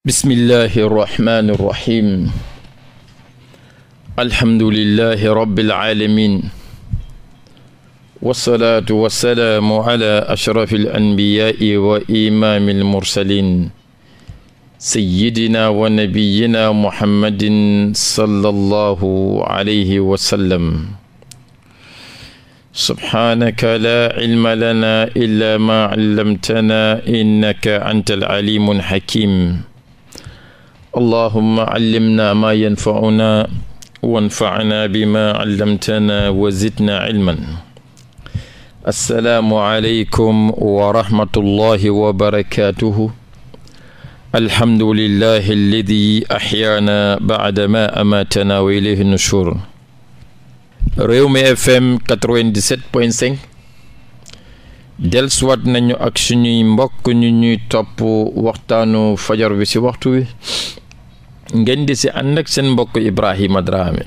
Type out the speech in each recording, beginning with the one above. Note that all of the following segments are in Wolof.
bismillahi irrahmani irrahim alhamdulilahi rabiilalamin walsalaatu walsalaamu ala ashrafi alanbiyaai wa imaami almursalin sayidina wa nabiyina muhammadin sala allahu alayhi wasallam subhaanaka laa cilma lanaa illaa maa callamtanaa innaka anta alcalimu alxakim allahuma callimna maa yanfacunaa wanfacnaa bimaa callamtanaa wa zidnaa cilman assalaamu aleykum wa rahmatullahi wa barakaatuhu alhamdulillahi alladi axyaana bacda ma amaatana wa ilayhi nushur Rewmi FM 97.5 dellusiwaat nañu ak suñuy mbokk ñu ñuy topp waxtaanu fajar bi si waxtu wi ngeen di si ànd ak seen mbokk Ibrahima Dramé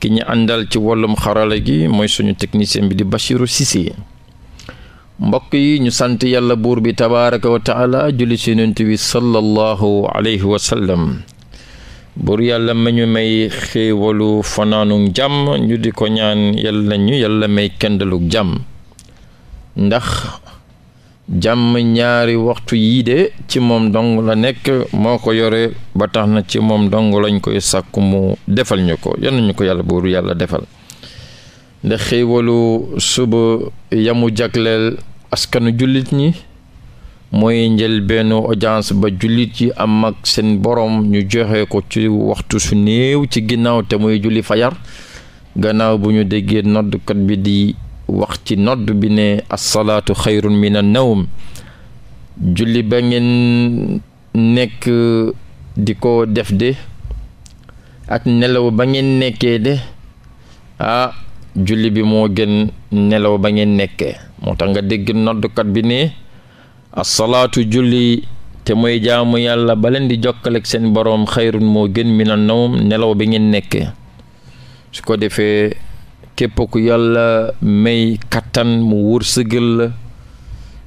ki ñu àndal ci wàllum xarala gi mooy suñu technicien bi di Bachiru Cissé mbokk yi ñu sant yàlla buur bi tabaaraka wa taala julli ci yonent bi sallallahu alayhi wa buur yàlla ma ñu may xéewalu fanaanug jàmm ñu di ko ñaan yàlla ñu yàlla may kenn kendalug jàmm ndax jàmm ñaari waxtu yii de ci moom dong la nekk moo ko yore ba tax na ci moom dong lañ koy sàkku mu defal ñu ko yal nañu ko yàlla buur yàlla defal ndax xéewalu suba yamu jagleel askanu jullit ñi mooy njël benn audience ba jullit yi am ak seen borom ñu joxe ko ci waxtu su néew ci ginnaaw te muy julli fajar gannaaw bu ñu déggee noddkat bi di wax ci nodd bi ne asalaatu xayrun min an nawm julli ba ngeen nekk di ko def de ak nelaw ba ngeen nekke de ah julli bi moo gën nelaw ba ngeen nekke moo tax nga dégg noddkat bi ne asalaatu julli te mooy jaamu yàlla ba leen di jokkaleeg seen boroom xayrun moo gën min an nawm nelaw bi ngeen nekkee su ko defee képp ku yàlla may kattan mu wërsëgal la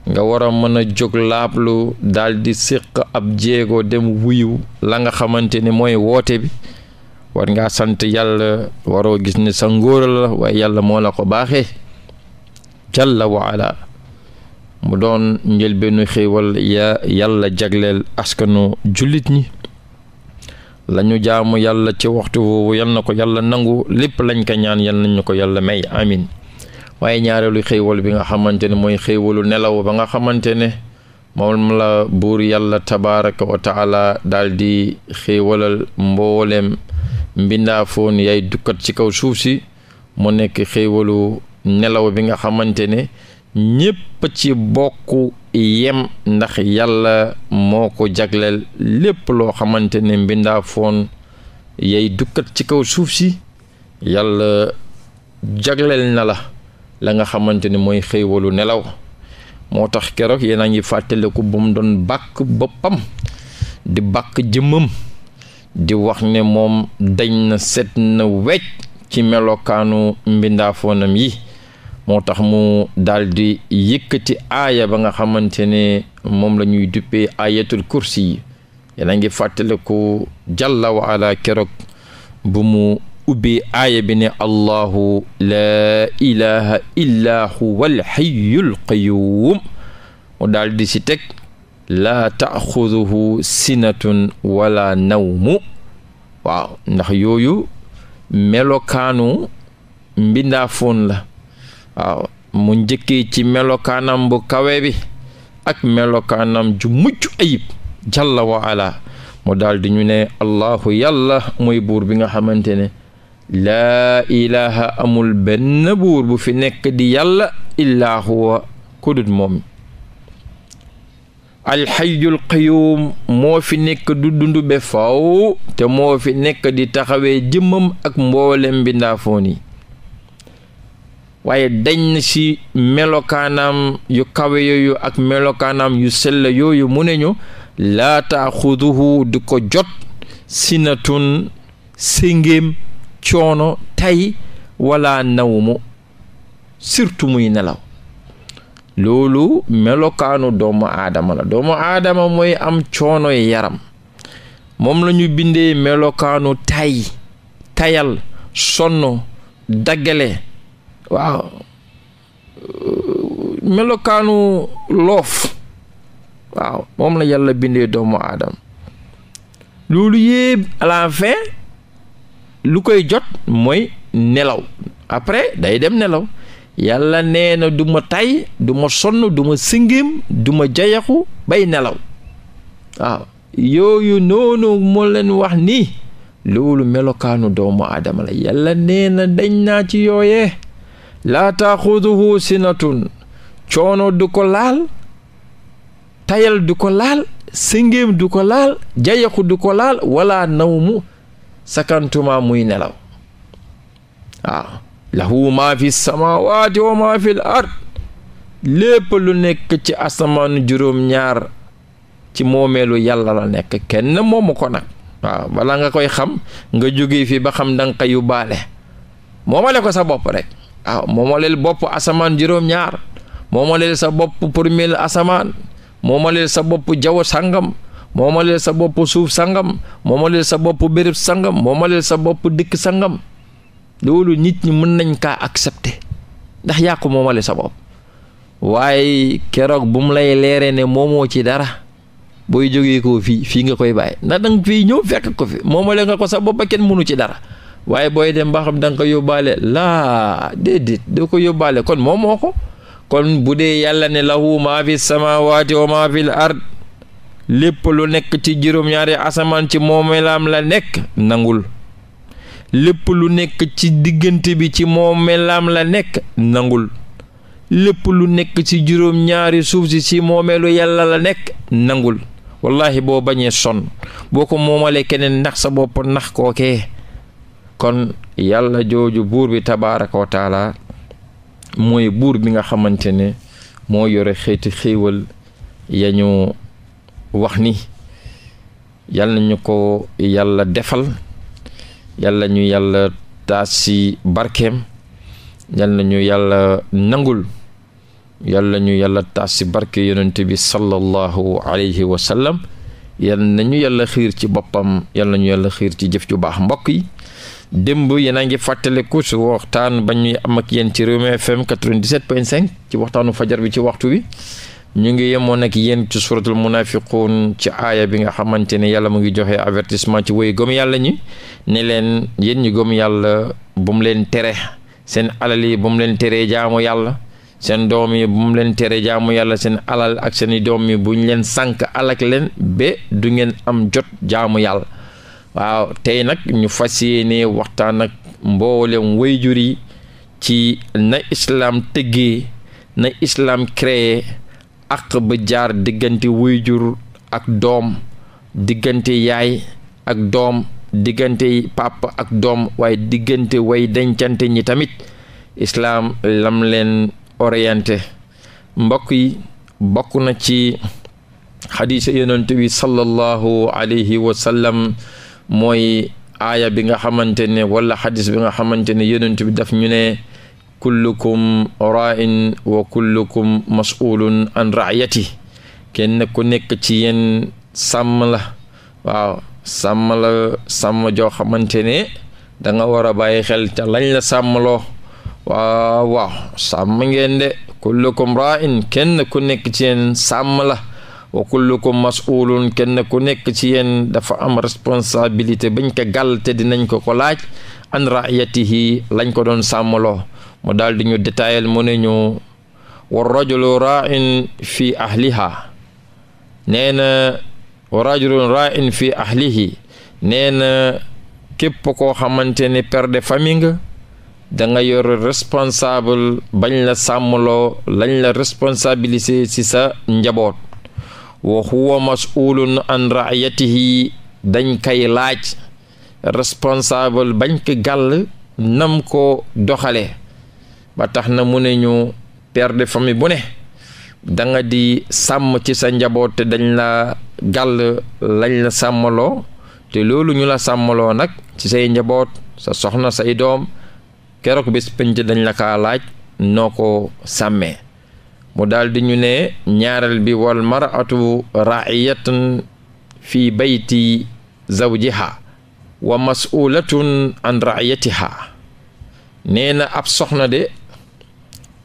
nga war a mën a jóg laablu daal di siq ab jéego dem wuyu la nga xamante ni mooy woote bi war ngaa sant yàlla waroo gis ne sa ngóora la waaye yàlla moo la ko baaxee jalla waala mu doon njëlbeenu xéewal yàlla jagleel askanu jullit ñi lañu jaamu yàlla ci waxtu woowu yal na ko yàlla nangu lépp lañ ko ñaan yal nañu ko yàlla may amin waaye ñaareelu xéewal bi nga xamante ne mooy xéewalu nelaw ba nga xamante ne moom la buur yàlla tabaraka wa taala daal di xéewalal mboolem mbindaafoon yay dukkat ci kaw suuf si mu nekk xéewalu nelaw bi nga xamante ne ñépp ci bokk yem ndax yàlla moo ko jagleel lépp loo xamante ne mbindaa foon yay dukkat ci kaw suuf si yàlla jagleel na la la nga xamante ne mooy xéewalu nelaw moo tax keroog yéen a ngi fàttaliku ba mu doon bàkk boppam di bàkk jëmmam di wax ne moom dañ na seet na wecc ci melokaanu mbindaafoonam yi moo tax mu daal di yëkkati aaya ba nga xamante ne moom la ñuy duppee ayatul kursi yi yéena ngi fàttaliku jàlla wa ala keroog bu mu ubbi aaya bi ne allahu laa ilaha illa huwa alxayul mu daal di si teg laa taaxuduhu sinatun wala nawmu waaw ndax yooyu melokaanu mbindaafoon la waaw mu njëkkee ci melokaanam bu kawe bi ak melokaanam ju mucc ayib jalla wa ala mu daal ñu ne allahu yàlla mooy buur bi nga xamante ne laa ilaha amul benn buur bu fi nekk di yàlla illaa huwa kudut moom alxayul qayuum moo fi nekk du dund be faw te moo fi nekk di taxawee jëmmam ak mboolem bi ndaafoon yi waaye dañ na ci melokaanam yu kawe ak melokaanam yu sell yooyu mu ne ñu laa taaxuduhu di ko jot sinatun séngéem coono tay wala nawmu surtu muy nelaw loolu melokaanu doomu aadama la doomu aadama mooy am coono yaram moom la bindee melokaanu tay tayal sonno daggale waaw melokaanu loof waaw moom la yàlla bindee doomu aadama loolu yépp à lu koy jot mooy nelaw après day dem nelaw yàlla nee na du tay du ma sonn du ma singim du ma jayaxu bay nelaw waaw yooyu noonu moo leen wax nii loolu melokaanu doomu aadama la yàlla nee na dañ naa ci yooyee laa taaxuduhu sinatun coono du ko laal tayal du ko laal sëngéem du ko laal jayaxu du ko laal wala nawmu sakantuma muy nelaw waaw lahu maa fi samaawaati wa maa fi l ard lu nekk ci asamaanu juróom-ñaar ci moomeelu yàlla la nekk kenn moomu ko nag waaw balaa nga koy xam nga jóge fii ba xam danga koy yóbbaale moomale ko sa bopp rek waaw ah, moomaleel bopp asamaan juróom-ñaar moomaleel sa bopp premier asamaan moomaleel sa bopp jaww sangam moomaleel sa bopp suuf sangam moomaleel sa bopp béréb sangam moomaleel sa bopp dëkk sangam loolu nit ñi mën nañ kaa accepter ndax yaa ko moomale sa bopp waaye keroog bu mu lay leeree ne moomoo ci dara booy jógee ko fii fii nga koy bàyyi ndax danga fii ñëw fekk ko fi moomale nga ko sa bopp kenn mënu ci dara. waaye booy dem ba xam da nga ko yóbbaale laa déedéet doo ko yóbbaale kon moom moo ko kon bu dee yàlla ne lahu maa fi samawaati wa maa l ard lépp lu nekk ci juróom-ñaari asamaan ci moomeelaam la nekk nangul lépp lu nekk ci diggante bi ci moomeelaam la nekk nangul lépp lu nekk ci juróom-ñaari suuf si ci moomeelu yàlla la nekk nangul wallahi boo bañee sonn boo ko moomalee keneen ndax sa bopp ndax kookee kon yàlla jooju buur bi tabaaraka wa mooy buur bi nga xamante ne moo yore xeeti xéewal ya ñu wax ni yàlla ñu ko yàlla defal yàlla ñu yàlla taas si barkeem yàlla ñu yàlla nangul yàlla ñu yàlla taas si barke yonent bi sallallahu alayhi wa yàlla nañu yàlla xiir ci boppam yàlla ñu yàlla xiir ci jëf ju baax mbokk yi démb yéen a ngi fàttaliku su waxtaan bañ ñuy am ak yéen ci Rewmi FM 97.5 ci waxtaanu fajar bi ci waxtu wi ñu ngi yemoon ak yéen ci suratul munafiqun ci aaya bi nga xamante ne yàlla mu ngi joxe avertissement ci woy gëm yàlla ñi ne leen yéen ñi gëm yàlla bu mu leen tere seen alal yi bu mu leen teree jaamu yàlla. seen doom yi bu mu leen tere jaamu yàlla seen alal ak seen i doom yi bu ñu leen sànk alak leen ba du ngeen am jot jaamu yàlla waaw tey nag ñu fas yéene waxtaan ak mboolem wayjur yi ci na islaam tëggee na islaam créé ak ba jaar diggante wayjur ak doom diggante yaay ak doom diggante papa ak doom waaye diggante way dencante ñi tamit islaam lam leen orienté mbokk yi bokk na ci xadiisa yonent bi sallallahu alayhi wa sallam mooy aaya bi nga xamante ne wala xadis bi nga xamante ne yonent bi daf ñu ne kullukum ra'in wa kullukum mas'ulun an ra'yati kenn ku nekk ci yenn sàmm la waaw sàmm la sàmm joo xamante ne danga war a bàyyi xel ca lañ la sàmmloo waaw waaw sàmm ngeen de kullukum ra'in kenn ku nekk ci yéen sàmm la wa ko mas'ulun kenn ku nekk ci yenn dafa am responsabilité bañ ko gàll te dinañ ko ko laaj an ra'yatihi lañ ko doon sàmmaloo mu daal di ñu détaillé mu ne ñu wa rajulu ra'in fi ahliha nee na wa rajulun ra'in fi ahlihi nee na képp koo xamante ne père de famille nga yor responsable bañ la sàmmaloo lañ la responsabilisé si sa njaboot wa huwa mas'ulun an ra'yatihi dañ kay laaj responsable bañ ko gàll nam ko doxalee ba tax na mu ne ñu perde de famille bu ne danga di sàmm ci sa njaboot te dañ la gàll lañ la sàmmaloo te loolu ñu la sàmmaloo nag ci say njaboot sa soxna say doom keroog bés penc dañ la kaa laaj noo ko sàmmee mu daldi ñu ne ñaareel bi wal mar'atu ra'iyatun fi bayti zawjiha wa mas'ulatun an ra'iyatiha nee na ab soxna de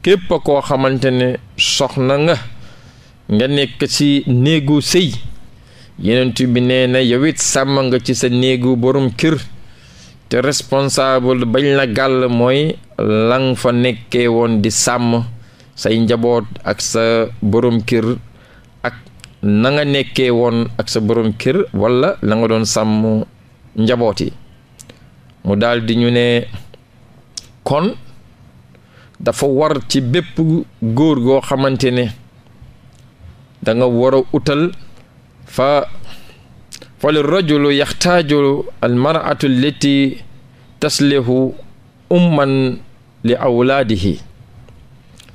képp koo xamante ne soxna nga nga nekk ci néegu sëy yenent bi nee na yow it sàmm nga ci sa néegu borom kër te responsable bañ la gàll mooy lang fa nekkee woon di sàmm say njaboot ak sa borom kër ak na nga nekkee woon ak sa boroom kër walla la doon sàmm njaboot yi mu daal di ñu ne kon dafa war ci bépp góor goo xamante ne da war a utal fa fa li rajulu yaxtaaju almaratu allati taslihu umman li awlaadihi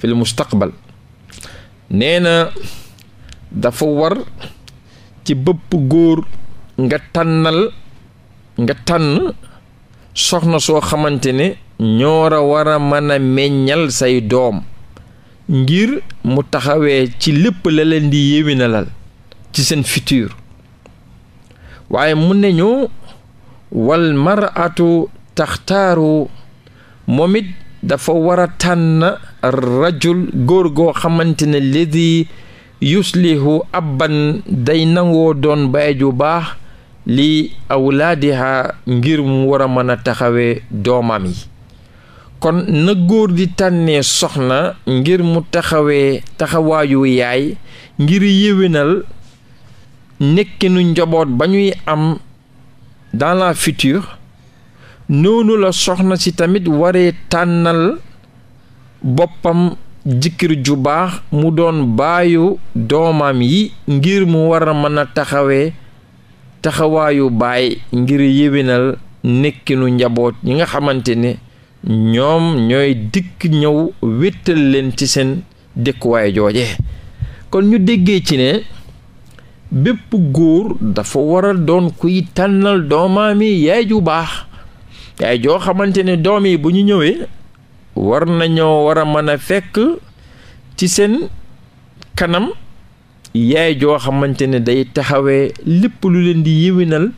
fil nee na dafa war ci bëpp góor nga tànnal nga tànn soxna soo xamante ne ñoor a war a mën a meññal say doom ngir mu taxawee ci lépp la leen di yéwénalal ci seen futur waaye mun nañu wal maratu taxtaaru moom it dafa war a tànn rajul góor goo xamante ne lidi yuslihu abban day nangoo doon ba ju baax li awlaadiha ngir mu war a mën a taxawee doomam yi kon na góor di tànnee soxna ngir mu taxawee taxawaayu yaay ngir yéwénal nekkinu njaboot ba ñuy am dans la noonu la soxna si tamit waree tànnal boppam jikkir ju baax mu doon baayu doomam yi ngir mu war a taxawe taxawaayu baay ngir yéwénal nekkinu njaboot ñi nga xamante ne ñoom ñooy dikk ñëw wéttal leen ci seen dëkkuwaay jooje kon ñu dégge ci ne bépp góor dafa war doon kuy tànnal doomaami yaay ju baax yaay joo xamante ne doom yi bu ñu ñëwee war nañoo war a mën a fekk ci seen kanam yaay joo xamante ne day taxawee lépp lu leen di yéwinal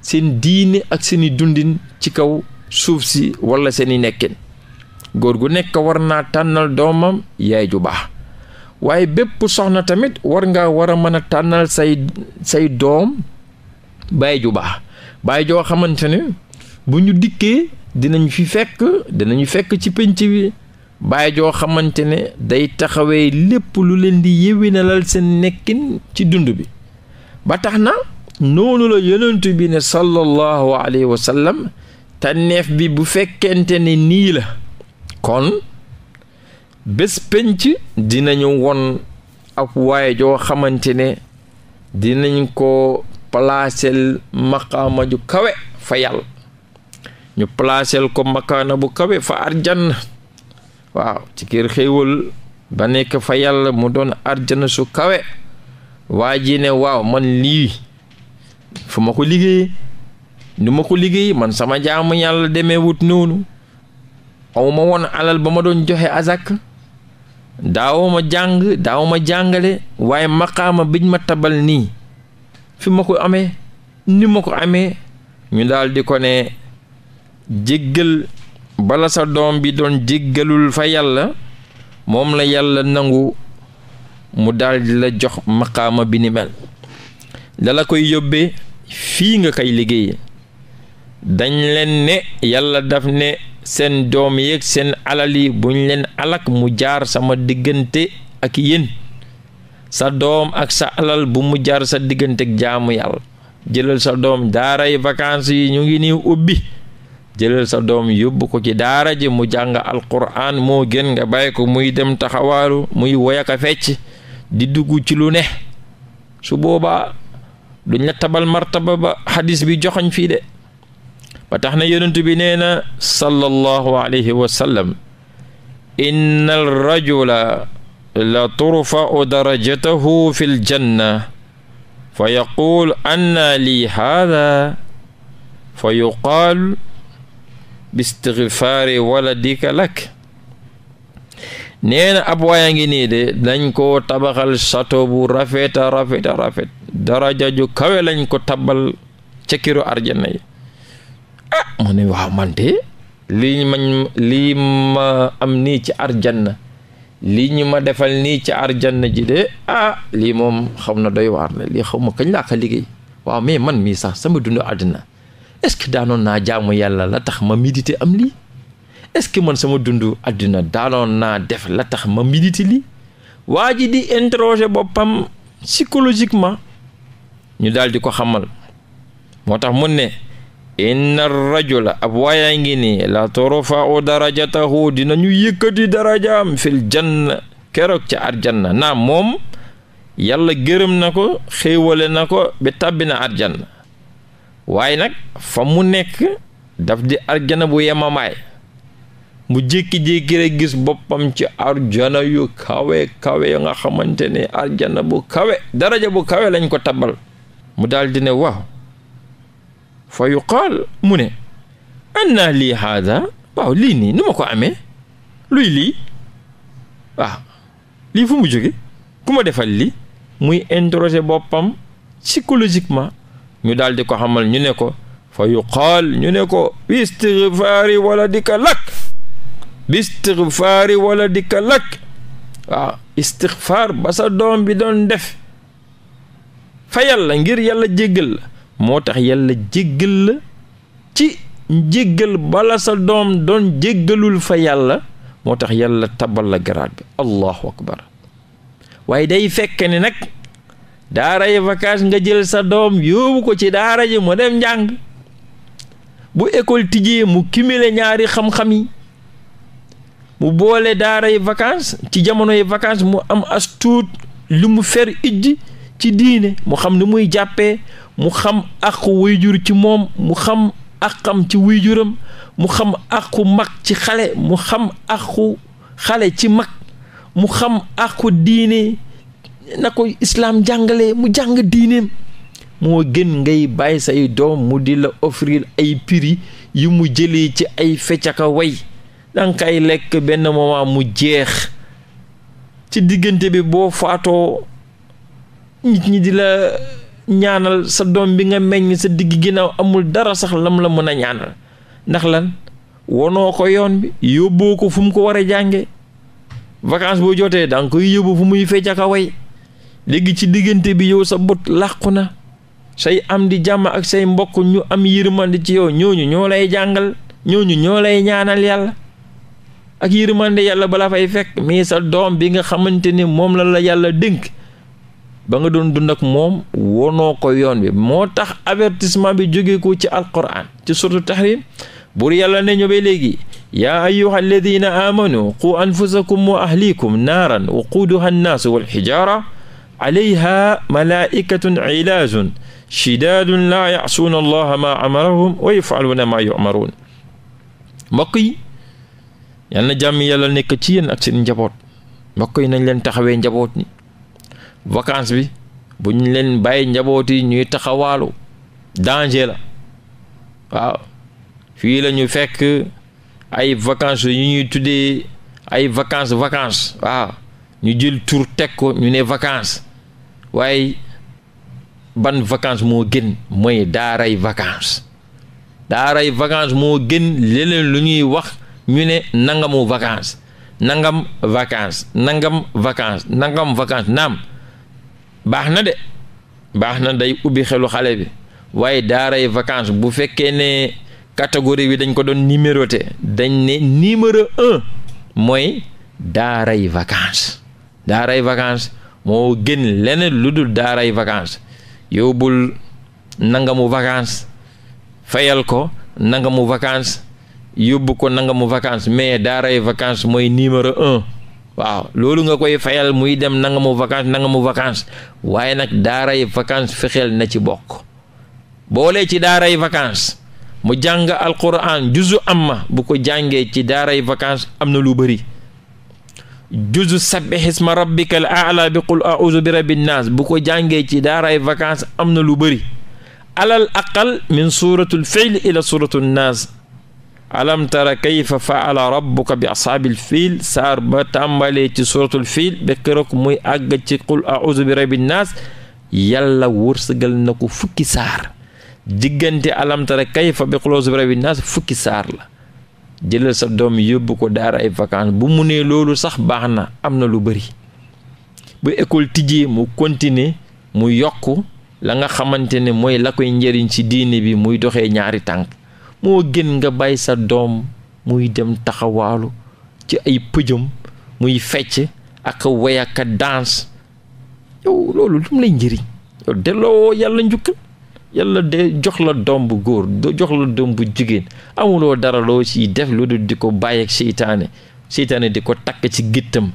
seen diine ak seeni dundin ci kaw suuf si walla seeni nekkin góor gu nekk war naa tànnal doomam yaay ju baax waaye bépp soxna tamit war nga war a mën a tànnal say say doom baay ju baax baay joo xamante ne bu ñu dikkee dinañu fi fekk dinañu fekk ci pénc bi bàyyi joo xamante ne day taxawee lépp lu leen di yéwénalal seen nekkin ci dund bi ba tax na noonu la yonent bi ne sallallahu alayhi wa sallam tànneef bi bu fekkente ne nii la kon bés penc dinañu won ab waay joo xamante ne dinañu ko palaasel maqaama ju kawe fa yàlla ñu placer ko makaana bu kawe fa arjana waaw ci kër xéewal ba nekk fa yàlla mu doon arjana su kawe waa ji ne waaw man lii fu ma ko liggéey nu ma ko liggéey man sama jaamu yàlla demee wut noonu aw ma woon alal ba ma doon joxe asak daaw ma jàng daaw ma jàngale waaye maqaama biñ ma tabal nii fi ma ko amee ni ma ko amee ñu daldi ko ne jéggal bala sa doom bi doon jéggalul fa yàlla moom la yàlla nangu mu daldi la jox maqaama bi ni mel dala koy yóbbee fii nga koy liggéey dañ leen ne yàlla daf ne seen doom yeeg seen alal yi buñ leen alak mu jaar sama diggante ak yéen sa doom ak sa alal bu mu jaar sa digganteek jaamu yàlla jëlal sa doom daaray vacances yi ñu ngi nii ubbi jëlal sa doom yóbbu ko ci daara ji mu jàng alquran moo gën nga bàyyi ko muy dem taxawaalu muy woyaka fecc di dugg ci lu ne su boobaa duñ la tabal martaba ba xadis bi joxoñ fii de ba tax na yonent bi nee na sallallahu alayhi wa sallam inna al haada fa yuqaal bistigfaari waladika lak nee neena ab waaya ngi nii de dañ koo tabaxal château bu rafeta rafeta rafet daraja ju kawe lañ ko tabal ca kiru arjana yi ah mu ne waaw mante lii mañ lii ma am nii ci arjana lii ñu ma defal nii ci arjana ji de ah lii moom xaw na doy waar na lii xaw ma kañ laa ko liggéey waaw mais man mii sax sama dundu àddina est-ce que daanoon naa jaamu yàlla la tax ma méditer am lii est-ce que man sama dund àddina daanoon naa def la tax ma méditer lii waa ji di interroger boppam psychologiquement ñu daldi ko xamal moo tax mu ne inna rajula ab waayaa ngi nii la torofau darajatahu dinañu yëkkati am fil janna keroog ca arjanna naa moom yàlla gërëm na ko xéewale na ko ba tàbbi na arjanna waaye nag fa mu nekk daf di arjana bu yemamaay mu jékki-jékki rek gis boppam ci arjana yu kawe kawe ya nga xamante ne arjana bu kawe daraja bu kawe lañ ko tabal mu daldi di ne waaw fa yuqaal mu ne anna lii haada waaw lii nii nu ko amee luy lii waaw lii fu mu jóge ku defal lii muy interroger boppam psychologiquement ñu daal di ko xamal ñu ne ko fa yuqaal ñu ne ko bi istigfaari wala di ka lakk bi istigfaari wala di ka ah, istigfaar ba sa doom bi doon def fa yàlla ngir yàlla jéggal la moo tax yàlla jéggal la ci jéggal bala sa doom doon jéggalul fa yàlla moo tax yàlla taballa la garaat bi allahu akbar waaye day fekk ni nag daara yi vacances nga jël sa doom yóbbu ko ci daara ji mu dem njàng bu école tijjee mu cumuler ñaari xam-xam yi mu boole daara yi vacances ci jamono yi vacances mu am as tuut li mu fer ijji ci diine mu xam ni muy jàppe mu xam àqu wayjur ci moom mu xam àqam ci wayjuram mu xam àqu mag ci xale mu xam àqu xale ci mag mu xam àqu diine na ko islaam jàngale mu jàng diineem moo gën ngay bàyyi say doom mu di la offrir ay piri yu mu jëlee ci ay feccaka way danga kay lekk benn moment mu jeex ci diggante bi boo faatoo nit ñi di la ñaanal sa doom bi nga meññ sa digg ginnaaw amul dara sax lam la mën a ñaanal ndax lan wonoo ko yoon bi yóbboo ko fu mu ko war a jànge vacances boo jotee danga koy yóbbu fu muy feccaka way léegi ci diggante bi yow sa bët làqu na say am di jàmm ak say mbokk ñu am yërmande ci yow ñooñu ñoo jàngal ñooñu ñoo ñaanal yàlla ak yërmande yàlla bala fay fekk mais sa doom bi nga xamante ni moom la la yàlla dénk ba nga doon dund ak moom wonoo ko yoon bi moo tax avertissement bi jóge ko ci alquran ci surtu tahrim buur yàlla ne ñu ba léegi yaa ayyuha alladina amanu qu anfusakum wa ahlikum naaran waquduha annaasu walxijaara alayha malaikatun ilaajun shidaadun laa yacsuuna allaha maa amarahum wa yafaluuna maa yumaruun mbokk yi yal na jàmm yàlla nekk ci yéen ak seen njaboot mbokk yi nañ leen taxawee njaboot ni vacance bi bu ñu leen bàyyi njaboot yi ñuy taxawaalu danger la waaw fii la ñu fekk ay vacances yu ñuy tuddee ay vacances vacances waaw ñu jël tur teg ko ñu ne vacances waaye ban vacances moo gën mooy daaray vacances daaray vacances moo gën leneen lu ñuy wax ñu ne nangamu vacances nangam vacances nangam vacances nangam vacances naam baax na de baax na day ubbi xelu xale bi waaye daaray vacances bu fekkee ne catégorie bi dañ ko doon numéroté dañ ne numéro un mooy daaray vacances daaray vacances moo génn leneen lu dul daaray vacances yóbbul nanga mu vacances fayal ko nanga mu vacances yóbbu ko nanga mu vacances mais daaray vacance mooy numéro un waaw loolu nga koy fayal muy dem nanga mu vacances nanga mu vacances waaye nag daaray vacances fexeel na ci bokk boole ci daaray vacances mu jàng alquran am amma bu ko jàngee ci daaray vacances am na lu bari juzu sabbihisma rabbikal aala bi qul auzu bi rabbin naas bu ko jàngee ci daaray vacances am na lu bëri alal aqal min suuratul fiil ila suuratul naas alam tara kayfa faala rabbuka bi ashaabil fiil saar ba tàmbalee ci suuratul fiil ba keroog muy àgg ci qul auzu bi rabbin naas yàlla wërsëgal na ko fukki saar diggante alam kayfa bi qul auzu bi rabbin naas fukki saar jëlal sa doom yóbbu ko daara ay vacances bu mu nee loolu sax baax na am na lu bëri bu école tijjee mu continuer mu yokk la nga xamante ne mooy la koy njëriñ ci diine bi muy doxee ñaari tànk moo gën nga bàyyi sa doom muy dem taxawaalu ci ay pëjam muy fecc ak way ak danse yow loolu lu mu lay njëriñ delloo yàlla njukkal yàlla de jox la doom bu góor jox la doom bu jigéen amuloo dara loo ci def lu du di ko bàyyeeg seytaane seytaane di ko takk ci géttam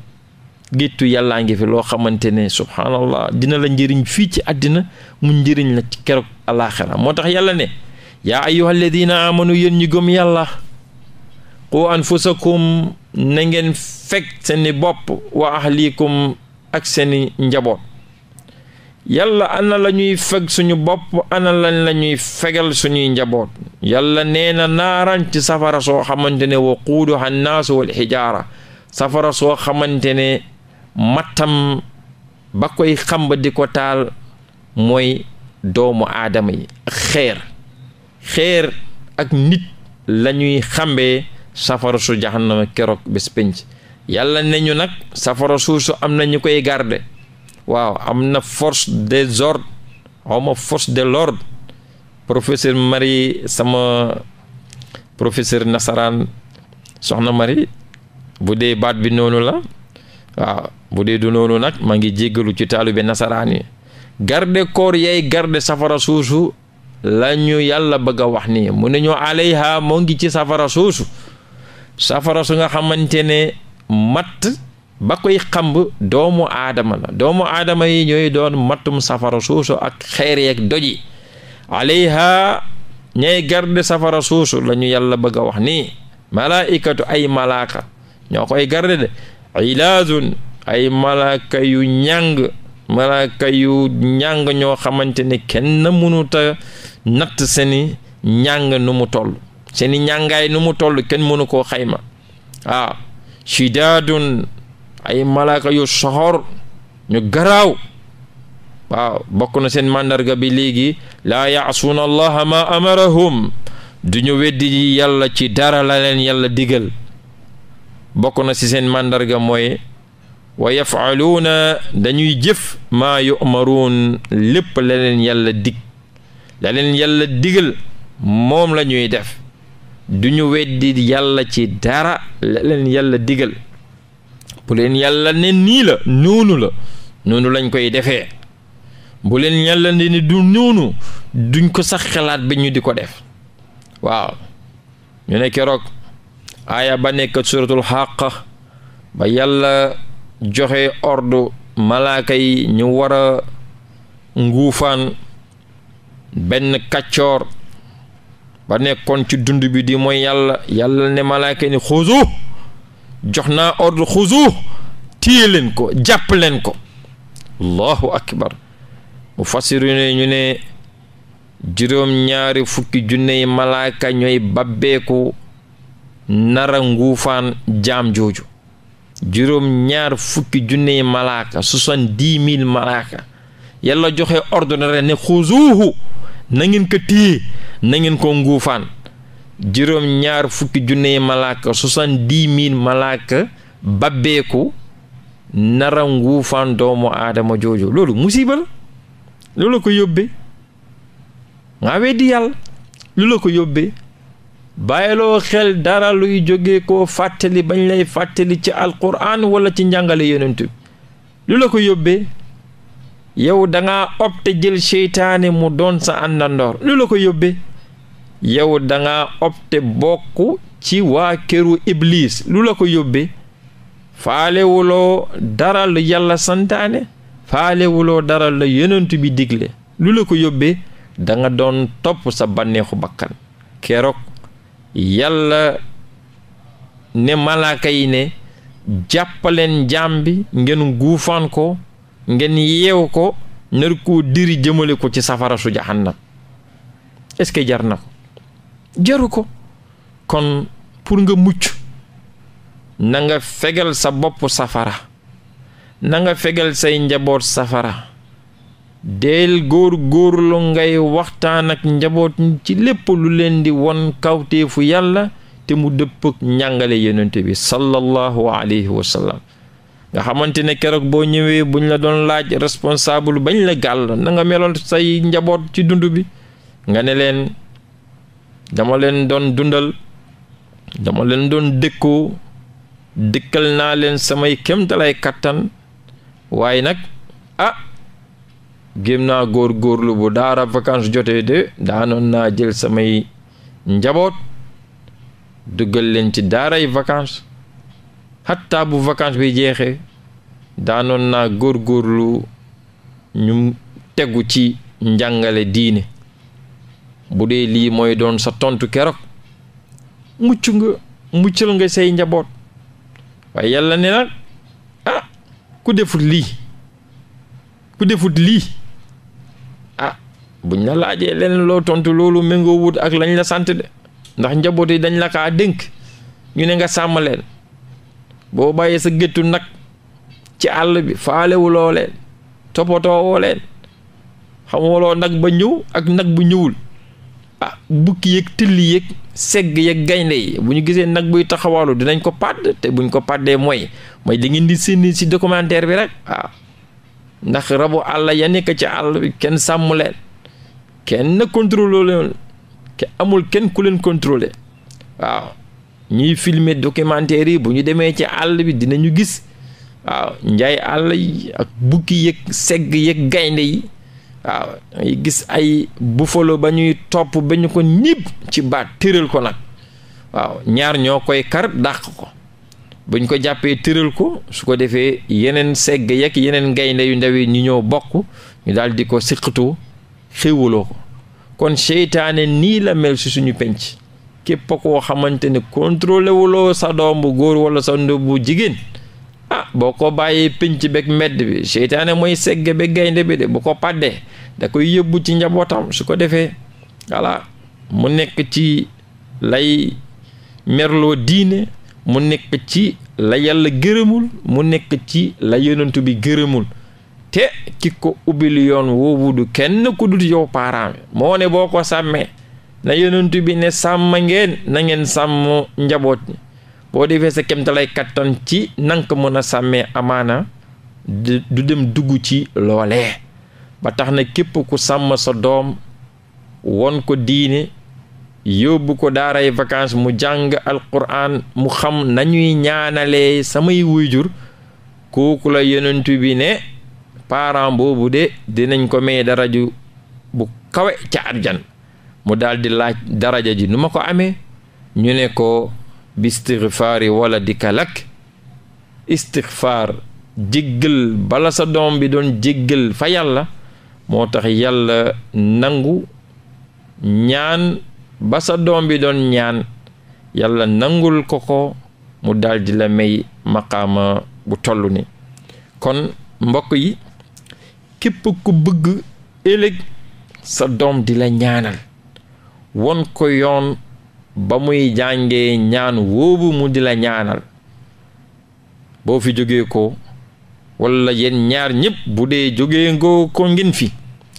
géttu yàllaa ngi fi loo xamante ne subhaanallah dina la njëriñ fii ci àddina mu njëriñ la ci keroog alaaxira moo tax yàlla ne yaa ayyuha alladina amanu yéen gëm yàlla qu anfusakum na ngeen fekk seeni bopp wa ahlikum ak seeni njaboot yàlla ana la ñuy suñu bopp ana lañ la ñuy fegal suñuy njaboot yàlla nee na naaran ci safara soo xamante ne wa quuduha naasu wal xijaara safara soo xamante ne mattam ba koy xamba di ko taal mooy doomu aadama yi ak xeer xeer ak nit la ñuy xambee safara su jahannama keroog bés pénc yàlla ne nag safara suusu am na ñu koy garde waaw am na force des ordres xaw ma force de l'ordre professeur Marie sama professeur nasaraan soxna mari bu dee baat bi noonu la waaw bu dee du noonu nag maa ngi jéggalu ci taalibe nasaraan yi garde koor yay garde safara suusu la ñu yàlla bëgg a wax ni mu ne ñu alayha moo ngi ci safara suusu safara su nga xamante ne matt ba koy xamb doomu aadama la doomu aadama yi ñooy doon mattum safara suusu ak xeer yeeg doji alayha ñay garde safara suusu lañu ñu yàlla bëgg a wax nii malaikatu ay malaaka ñoo koy garde de ilaazun ay malaaka yu ñàng malaaka yu ñàng ñoo xamante ne kenn mënuta natt seni ñàng nu mu toll seeni ñàngaay nu mu toll kenn mënu koo xayma waaw shidaadun ay malaaka yu soxor ñu garaaw waaw bokk na seen màndarga bi léegi laa yaasuuna allaha ma amarahum du ñu weddi yàlla ci dara laleen leen yàlla digal bokk na ci seen màndarga mooy wa yafaluuna dañuy jëf maa yumaruun lépp la leen yàlla dig moom la ñuy def du ñu weddi yàlla ci dara la leen yàlla digal bu leen yàlla ne nii la noonu la noonu lañ koy defee bu leen yàlla ne ni du noonu duñ ko sax xelaat ba ñu di ko def waaw ñu ne keroog aaya ba nekk suratul xàq ba yàlla joxe ord malaaka ñu war a nguufaan benn kàccoor ba nekkoon ci dund bi di mooy yàlla yàlla ne malaaka yi ni xuusu jox naa ordre xuzu téye leen ko jàpp leen ko allahu akbar mu fasiru ne ñu ne juróom-ñaari fukki junney malaaka ñooy babbeeku nara nguufaan jaam jooju juróom-ñaar fukki junney malaaka soixante-dix mille malaaka yàlla joxe ordre ne xuzuuhu na ngeen ko téye na ngeen ko nguufaan juróom ñaar fukki junney malaaka soixante-dix mille malaaka babbeeku nara nguufaan doomu aadama jooju loolu musiba la loolu ko yóbbee nga weddi yàlla la ko yóbbe bayloo xel dara luy jóge koo fàttali bañ lay fàttali ci alquran wala ci njàngale yonent bi lu la ko yóbbee yow danga opte jël seytaane mu doon sa àndandoor lu la ko yóbbee yow danga nga opté bokk ci waa këru iblis lu la ko yóbbee faalewuloo daral lu yàlla santaane faalewuloo dara la yonent bi digle lu la ko yóbbee danga doon topp sa banneexu bakkan keroog yàlla ne malaaka ne jàppaleen jaam bi ngeen guufaan ko ngeen yeew ko nar koo jëmale ko ci safara su jahannam est-ce que jar na ko jaru ko kon pour nga mucc na nga fegal sa bopp safara na nga fegal say njaboot safara deel góor góorlu ngay waxtaanak njaboot ci lépp lu leen di won kawteefu yàlla te mu dëpp ak njàngale yonent bi sallallahu alayhi wa nga xamante ne keroog boo ñëwee buñ la doon laaj responsable bañ la gàll nanga nga say njaboot ci dund bi nga ne dama leen doon dundal dama leen doon dëkkoo dëkkal naa leen samay kémtalay kattan waaye nag ah gém naa góor góorlu bu daara vacances jotee de daanoon naa jël samay njaboot duggal leen ci daaray vacances xatta bu vacances bi jeexee daanoon naa góor góorlu ñu tegu ci njàngale diine bu dee lii mooy doon sa tontu keroog mucc nga muccal nga say njaboot waaye yàlla ne nag ah ku defut lii ku defut lii ah buñ la laajee leen loo tontu loolu mengoo wut ak lañu la sant de ndax njaboot yi dañ la kaa dénk ñu ne nga sàmm leen boo bàyyi sa géttu nag ci àll bi faalewuloo leen toppatoo woo leen xamuloo nag ba ñëw ak nag bu ñëwul bukki yeeg tëlli yeeg segg yeeg gaynde yi bu ñu gisee nag buy taxawaalu dinañ ko pàdd te buñ ko pàddee mooy mooy di ngeen di sénni ci documentaire bi rek ndax rabu àll ya nekk ci àll bi kenn sàmm leen kenn contrôlé leen ke amul kenn ku leen contrôlé waaw ñuy filmer documentaire yi bu ñu demee ci àll bi dinañu gis waaw njaay àll yi ak bukki yeeg segg yeeg gaynde yi waaw ay gis ay buffalo ba ñuy topp bañ ko ñib ci baat tëral ko nag waaw ñaar ñoo koy kar dàq ko bañ ko jàppee tëral ko su ko defee yeneen segg yekk yeneen gaynde yu ndaw yi ñu ñëw bokk ñu daldi ko siqatoo xéwaloo ko kon seytaane nii la mel si suñu penc képp koo xamante ne contrôlé wuloo sa doom bu góor wala sa ndoom jigéen a ah, boo ko bàyyee pénc be medd bi seytaane mooy segg be gaynde bi de bu ko pàddee da koy yóbbu ci njabootam su ko defee voilà mu nekk ci lay merloo diine mu nekk ci la yàlla gërëmul mu nekk ci la yonentu bi gërëmul te ki ko ubbil yoon woowu du kenn ku dut yow parent bi moo ne boo ko sàmmee na yonentu bi ne sàmm ngeen na ngeen sàmm njaboot ñi boo defee sa kemtalay kattan ci nanga ko mën a sàmmee amaana du dem dugg ci loolee ba tax na képp ku sàmm sa doom won ko diine yóbbu ko daaray vacances mu jàng alquran mu xam nañuy ñaanalee samay wuyjur kooku la yonentu bi ne parent boobu de dinañ ko may daraju bu kawe ca arjan mu daldi laaj daraja ji nu ma ko amee ñu ne ko bi istigfaari wala di kalak istigfaar jéggal bala sa doom bi doon jéggal fa yàlla moo tax yàlla nangu ñaan ba sa doom bi doon ñaan yàlla nangul ko ko mu daldi la may maqaama bu toll ni kon mbokk yi képp ku bëgg ëllëg sa doom di la ñaanal won ko yoon ba muy jàngee ñaan woobu mu di la ñaanal boo fi jógee ko walla yen ñaar ñëpp bu dee jógee ngoo ko ngeen fi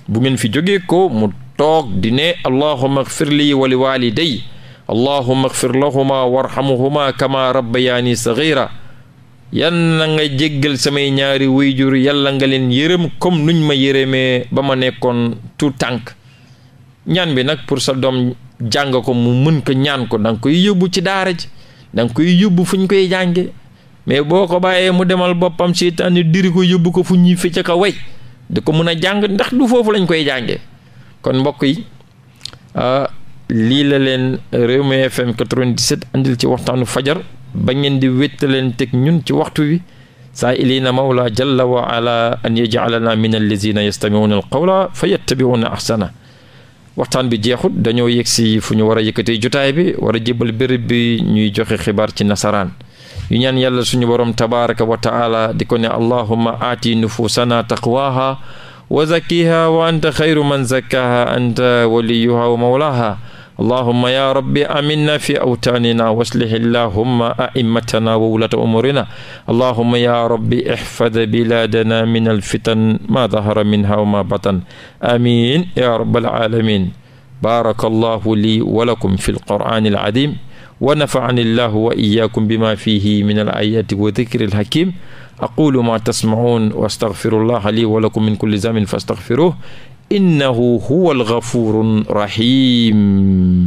bu ngeen fi jógee ko mu toog di ne allahuma xfir lii wali waaliday allahuma xfir lahuma warxamuhuma kama rabbayaani saxiira yàlla nga jéggal samay ñaari wayjur yàlla nga leen yërëm comme nuñ ma yërëmee ba ma nekkoon tu tànk ñaan bi nag pour sa jàng ko mu mën ko ñaan ko da nga koy yóbbu ci daara ji da nga koy yóbbu fuñ koy jànge mais boo ko bàyyee mu demal boppam seytaan ni diri ko yóbbu ko fu ñuy fecc ka way di ko mën a jàng ndax du foofu lañ koy jànge kon mbokk yi lii la leen Rewmi FM 97 andil ci waxtaanu fajar ba ngeen di leen teg ñun ci waxtu wi saa ilina mawla jalla wa ala an yajalana min allazina yastamiuna alqawla fa a ahsana waxtaan bi jeexut dañoo yegg si fu ñu war a yëkkatee jotaay bi war a jébbal béréb bi ñuy joxe xibaar ci nasaraan yu ñaan yàlla suñu borom tabaraka di ko ne allahumma aati nufusana taqwaha wa zakkiha wa anta xayru man zakkaha anta waliyuha wa mawlaha allahuma ya rabbi aminna fi awtaanina waslih allahuma aimmatana wa wulata umurina allahuma ya rabbi ihfad biladana min alfitan ma dahara minha wa ma batan amin ya rabbal alamin baraka allahu li wa lakum fi alqur'ani aladim wa nafa'ani allahu wa iyyakum bima fihi min alayati wa dhikri alhakim aqulu ma tasma'un wa astaghfirullaha li wa lakum min kulli zamin fastaghfiruh innahu huwal ghafurur rahim